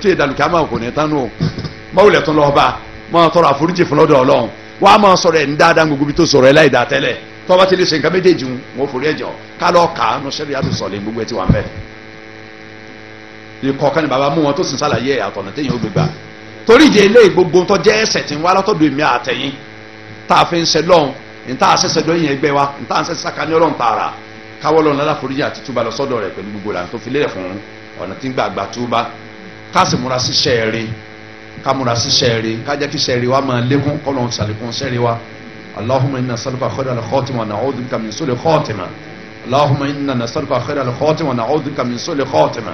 tí ìdàlùkẹ́ àmọ́ kò ní tán nù mọ́wùlẹ̀ tó bá máa tọrọ àforíjì ọlọ́run wàá máa sọ̀rọ̀ ẹ̀ ń dáadáa gbogbo bí tó sọ̀rọ̀ ẹ̀ láì dáa tẹ́lẹ̀ ti lè ṣe nǹkan méjèèjì ń gbogbo ẹ̀ ti wà ń bẹ̀. kan ni baba mú wọn tó sì ń sàlàyé àtọ̀nà téèyàn ó gbé gbà torí gbogbo tó jẹ́ ẹsẹ̀ tí ń wá látọ̀dọ̀ èmi àtẹ̀yìn tá a fi ń ṣe lọ́hùn ní tá a ṣẹ̀ṣẹ̀ dọ́yìn ẹgbẹ́ wa ní tá a ṣẹ̀ṣẹ̀ ọlọ́run tààrà káwọ́ ká sì múra síṣẹ́ rẹ̀ ká múra síṣẹ́ rẹ̀ ká jẹ́ kí iṣẹ́ rẹ̀ wa máa lékún kọ́nà ṣàlékún iṣẹ́ rẹ̀ wa allahumma inna nasaluka khayra al-khatima wa na'udhu bika min su'il khatima allahumma inna nasaluka khayra al-khatima wa na'udhu bika min su'il khatima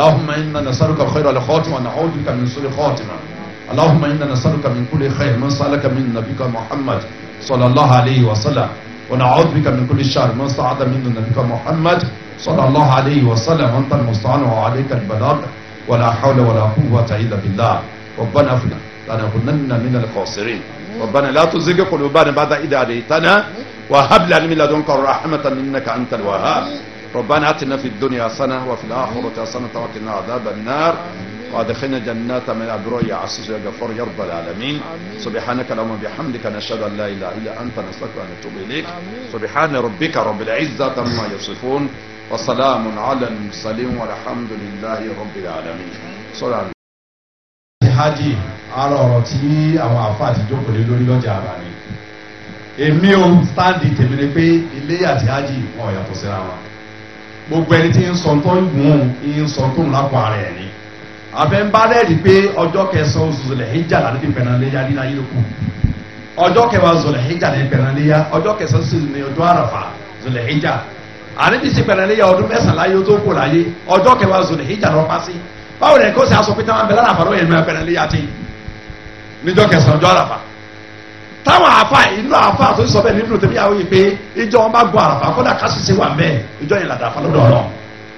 allahumma inna nasaluka khayra al-khatima wa na'udhu bika min su'il khatima allahumma inna nasaluka min kulli khayr man salaka min nabika muhammad sallallahu alayhi wa sallam wa na'udhu bika min kulli sharr man sa'ada min nabika muhammad صلى الله عليه وسلم أنت المستعان وعليك البلاغ ولا حول ولا قوة إلا بالله ربنا أفنا لنكونن من الخاسرين ربنا لا تزغ قلوبنا بعد إذا هديتنا وهب لنا من لدنك رحمة إنك أنت الوهاب ربنا آتنا في الدنيا حسنة وفي الآخرة حسنة وقنا عذاب النار وادخلنا جنات من أبرار يا عزيز يا غفور يا رب العالمين سبحانك اللهم وبحمدك نشهد ان لا اله الا انت نستغفرك ونتوب اليك سبحان ربك رب العزه عما يصفون وسلام على المرسلين والحمد لله رب العالمين صلى الله hajj ara ọ̀rọ̀ tí àwọn àáfàá ti jókòó lé lórí lọ́jà àbá ni èmi o stáàdì tèmi ni pé ilé àti hajj wọn ò yàtọ̀ síra wọn gbogbo ẹni tí ń sọ tó ń gùn ún ń sọ tó ń lápò ara ẹ̀ ni àfẹ́ ń bá rẹ́ẹ̀dì pé ọjọ́ kẹsàn-án oṣù Zul láti pẹ̀rẹ̀ léyà nínú ayé lóko ọjọ́ kẹwàá Zul Hijja láti pẹ̀rẹ̀ léyà ọjọ́ kẹsàn-án oṣù Zul àníbi sì bẹ̀rẹ̀ níyà ọdún mẹ́sànlá yóò tó kó láyé ọjọ́ kẹwàá zòlè ìjà lọ pa sí báwo lẹ kó sì aṣọ pété wọn bẹ lára àfàlọ́ yẹn mẹ́rin bẹ̀rẹ̀ níyà tí níjọ́ kẹsàn-án ọjọ́ àràfà táwọn àfa inú àfa tó sọ bẹ́ẹ̀ nínú tèmi àwọn yìí pé ìjọ wọn bá gbọ́ àràfà kódà kásìsì wà mẹ́ẹ̀ ìjọ yẹn làdà àfàlọ́ dọ̀ ọ̀nà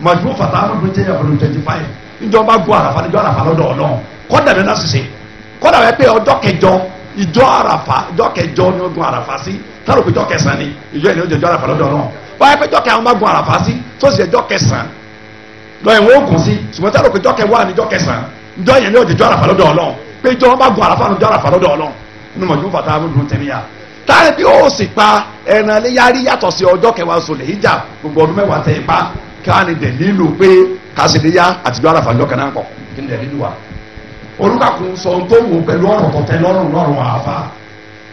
mọ̀jú fàtà àmọ̀dún jẹ́ ìyàwó twenty five ìjọ wọn bá gbọ́ àràfà níjọ́ àràfà lọ́dọ̀ ọ̀nà kódà bẹ́ẹ̀ lásìsì kódà bẹ́ẹ̀ pé ọjọ́ kẹjọ ìjọ àràfà ìjọ kẹjọ ni ó gun àràfà sí táwọn òpèjọ kẹsàn-án ni ìjọ yẹn ni ó jẹjọ àràfà lọ́dọ̀ ọ̀nà wọ́n á péjọ́ kẹ́ àwọn bá gun àràfà sí tó sì ẹjọ́ kẹsàn-án lọ ìwọ̀n ogun sí ṣùgbọ́n sáré péjọ́ kẹ́ wà níjọ́ kẹsàn-án njọ́ yẹn ní òjò jọ́ àràfà lọ́dọ̀ ọlọ́run péjọ́ wọn bá gun àràfà lọ́dọ̀ àràfà lọ́dọ̀ ọlọ́run inú mọ̀jú fàtà abúlùmọ̀ tẹ̀mí ya táyà bí ó sì pa ẹran léyàrí yàtọ̀ sí ọjọ́ kẹwàá sọlẹ̀ ìjà gbogbo ọdún mẹ́wàá tẹ̀ ipa kí wọ́n á ní dẹ̀lílù pé kásìléyà àtijọ́ àràfà lọ́kàn náà kọ̀ kí ni dẹ̀lílù wa olùkàkùn sọ tó wò pẹ̀lú ọ̀rọ̀ tó lọ́rùn lọ́rùn àáfà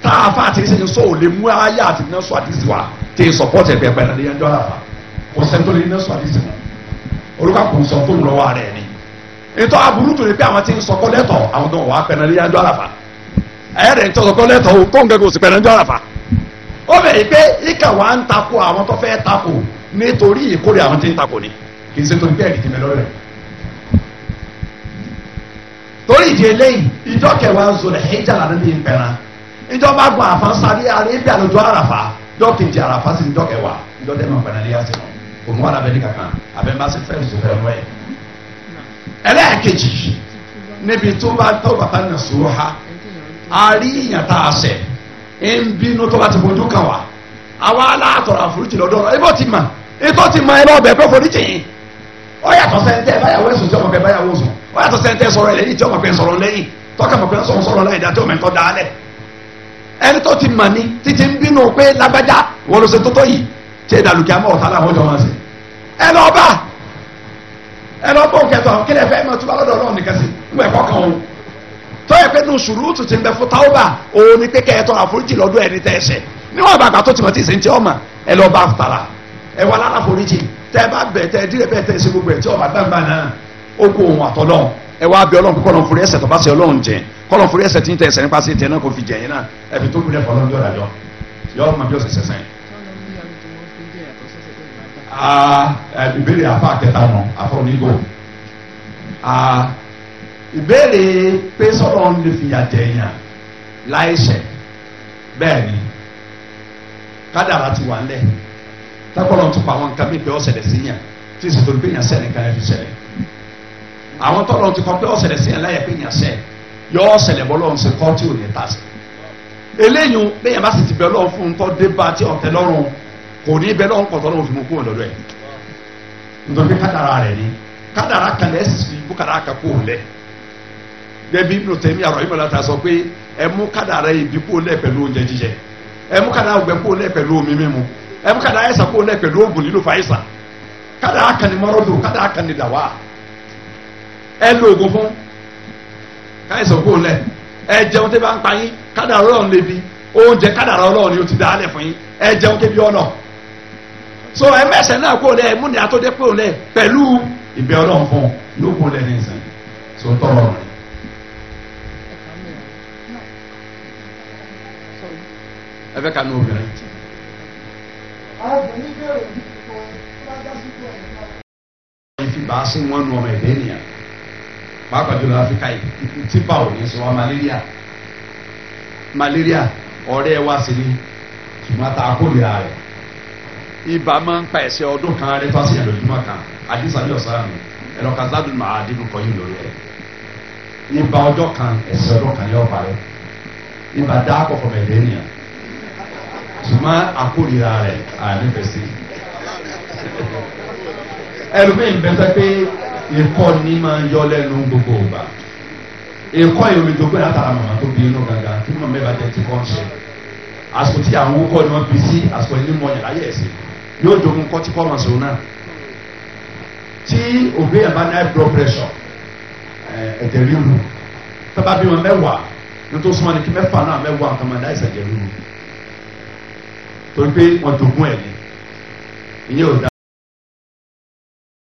tá àáfà àti ìṣẹ́yìn sọ ò lè mú ayé àti àdìsí wa tẹ sọpọ́tì ẹ̀pẹ̀ ẹ̀pẹ̀ nàdí ẹjọ́ àràfà kò sẹ́ńtò lè ní sọ àdìsí mọ́ olùkọ́ kò sọ fóònù lọ́wọ́ rẹ̀ ni ètò aburú tó lè pé àwọn tí ń sọkọ́ lẹ́tọ̀ àwọn náà wà á pẹ̀ nàdí ẹjọ́ àràfà ẹ̀yẹ́ rẹ̀ ń tọ́ sọkọ́ lẹ́tọ̀ o kóńgẹ́ kò sì pẹ̀ nàdí ẹjọ́ àràfà ó bẹ̀rẹ̀ pé ìkà wà ń takò àwọn tó fẹ́ takò nítorí ìkórè àwọn tí ń takò ni kì í ṣe torí bẹ́ẹ̀ kìtìmẹ́ lọ́rẹ̀ torí ìdí eléyìí ìjọ kẹwàá zòlẹ̀ ẹ̀jà lànà ní ìpẹ̀ràn ìjọba gbọ́n àfáǹsá ní àríbíà lójú àràfà dɔw ti jara pasi ni dɔ kɛ wa dɔ tɛ ma bana ni y'a sɛnɛ o mɔgɔ la bɛ ne ka kan a bɛ n ba se fɛn muso fɛn n'o ye ɛlɛ y'a kɛ jigi ne bi tó bá tó bá taa na soro ha ari yata sɛ n bi n'o tó bá ti fojú kan wa awa ala tɔrɔ a furu ti lɔ dɔrɔn i b'o ti ma i t'o ti ma i b'o bɛɛ bɛɛ fori tiɲɛ ó yàtọ̀ sẹ́ńtẹ́ báyàwó ẹ̀sùn tí ọmọ bẹ́ẹ̀ báyàwó sùn ó yàtọ̀ sẹ́ńtẹ́ sọ̀rọ̀ ẹ̀ lẹ́yìn tí ọmọ bẹ́ẹ̀ sọ̀rọ̀ lẹ́yìn tọ́ka mọ̀ pé ń sọ̀rọ̀ sọ̀rọ̀ láì dá tí ọmọ ẹ̀ tọ́ da á ẹni tó ti mọ̀ ni títí ń bínú pé lágbájá wọ́n ló ṣe tó tó yìí tí ẹ dàlùkì àmọ́ ọ̀tá làwọn jọ wọn ṣe. ẹ lọ bá ẹ lọ bọ̀ kẹtọ̀ kí lè fẹ́ mọ túbọ̀ lọ́dọ̀ ọlọ́run nìkan sí wọ́n ẹ̀kọ́ kan o. tó yẹ pé nu sùúrù tù ti ń bẹ fún táwọ́bà òun ni pé kẹ́ẹ̀tọ́ àforíjì lọ́dọ̀ ẹni tẹ́ ẹsẹ̀ níwọ̀n bàbá tó ti mọ̀ tí ìsìn tí ọmọ ẹ lọ bá tara ẹ wà lára àforíjì tẹ́ bá bẹ̀ tẹ́ dílé bẹ́ẹ̀ ó kó òun àtọ́lọ́hún ẹ wá bí ọlọ́run kọ́lọ́n forí ẹ̀ṣẹ̀ tó bá ṣe ọlọ́run jẹ kọ́lọ́n forí ẹ̀ṣẹ̀ tí ń tẹ ẹ̀ṣẹ̀ nípa sí tẹ náà kò fi jẹ yín náà ẹ fi tó kulẹ̀ fọlọ́n yọ̀ọ̀dà yọ yọ̀ọ́ máa bí ọ̀sẹ̀ sẹ̀sẹ̀. Ah, ìbéèrè àfa kẹta nù àfa onígò ah, ìbéèrè pé sọ́dọ̀ ń lè fìyà jẹ yàn láìṣẹ̀ bẹ́ẹ̀ ni kádàrà ti wà ńlẹ̀ tákọ́lọ́n tún pa àwọn nǹkan mi bẹ́ẹ̀ ọ̀sẹ̀ lẹ̀ yàn tí ìsètò ìgbéyàn sẹ́ni kan ẹ̀ fi ṣẹlẹ̀ àwọn tọ́lọ̀ ti kọ́ pé ọ̀sẹ̀lẹ̀ sí ẹ̀láyà pé yàn sẹ́ yọ ọ̀sẹ̀lẹ̀ bọ́ lọ́run sí kọ́ tí ò ní ta sí. eléyìí bẹ́yàn bá sì ti bẹ lọ́run fún un tọ́ dé bá tí ọ̀tẹ lọ́run kò ní bẹ lọ́run kọ̀tọ́ lọ́run fi mú kúrò lọ́dọ̀ ẹ̀. nítorí kádàrà rẹ̀ ni kádàrà kan lẹ́sì fi bú kádàrà kan kó lẹ̀. gẹ́bí Ibn Taymiyyah rahimahullah ta sọ pé ẹ mú kádàrà ibi kó lẹ̀ pẹ̀lú oúnjẹ jíjẹ ẹ mú kádàrà ọgbẹ́ kó lẹ̀ pẹ̀lú omi mímu ẹ mú kádàrà ẹ̀sà kó lẹ̀ pẹ̀lú oògùn lílo fàìsàn kádàrà kan ni mọ́rọ́dù kádàrà kan ni dàwà ẹ lo oògùn fún káyọ̀sọ̀ kó lẹ̀ ẹ jẹun tẹ́ bá ń pa yín kádàrá ọlọ́run lè bi oúnjẹ kádàrá ọlọ́run ni ó ti dá lẹ̀ fún yín ẹ jẹun kébi ọ̀nà so ẹ mẹsẹ̀ náà kó lẹ̀ múni àtọ́jẹ́ kó lẹ̀ pẹ̀lú ìbẹ́ ọlọ́run fún un ló kó lẹ̀ ní ìsìn so tọrọ rẹ̀. ẹ fẹ́ ka ní obìnrin. arábìnrin bẹ̀rẹ̀ òbí tuntun bá dá sí ìgbà yẹn. ìfibà sí wọn nù ọmọ ẹ̀dẹ́ nìyà pàápàá jùlọ áfíríkà yìí típa ò ní sọ wa malaria malaria ọ̀rẹ́ wa sì ni ṣùgbọ́n ta kórìíra rẹ̀ ibà máa ń pa ẹ̀sẹ̀ ọdún kan rẹ̀ fásitì àlòjúmọ̀ kan àdìsàbí ọ̀sán mi ẹ̀rọ kan zádùn máa dídùn kọ́ yìí lórí rẹ̀ ibà ọjọ́ kan ẹ̀sẹ̀ ọdún kan yóò parẹ́ ibà dá kọ̀kọ̀ mẹ́lẹ́ nìyà ṣùgbọ́n àkórìíra rẹ̀ ànífẹ̀ẹ́ sí ẹlòmíì ń bẹ́tẹ́ pé ẹ̀kọ́ ní máa yọ lẹ́nu gbogbo ìgbà ẹ̀kọ́ yìí omi tó gbé látara màmá tó bí inú gangan tí màmá ẹ̀ bá jẹ́ ti kọ́ ṣe àsìkò tí àwọn wúkọ́ ni wọ́n fi sí àsìkò yìí ní mọ̀ yàrá yẹ̀ sí yóò jogun kọ́ tí kọ́ mọ̀ sọ̀rọ̀ náà tí òbí ẹ̀ bá ní high blood pressure ẹ̀jẹ̀ ríru tọ́ba bí wọn mẹ́wàá nítorí súnmọ́ ni kí mẹ́fà náà mẹ́wàá nǹkan máa dá ìsẹ̀jẹ̀ ríru torí pé wọ́n jogun ẹ̀ ní ìyẹn ò dá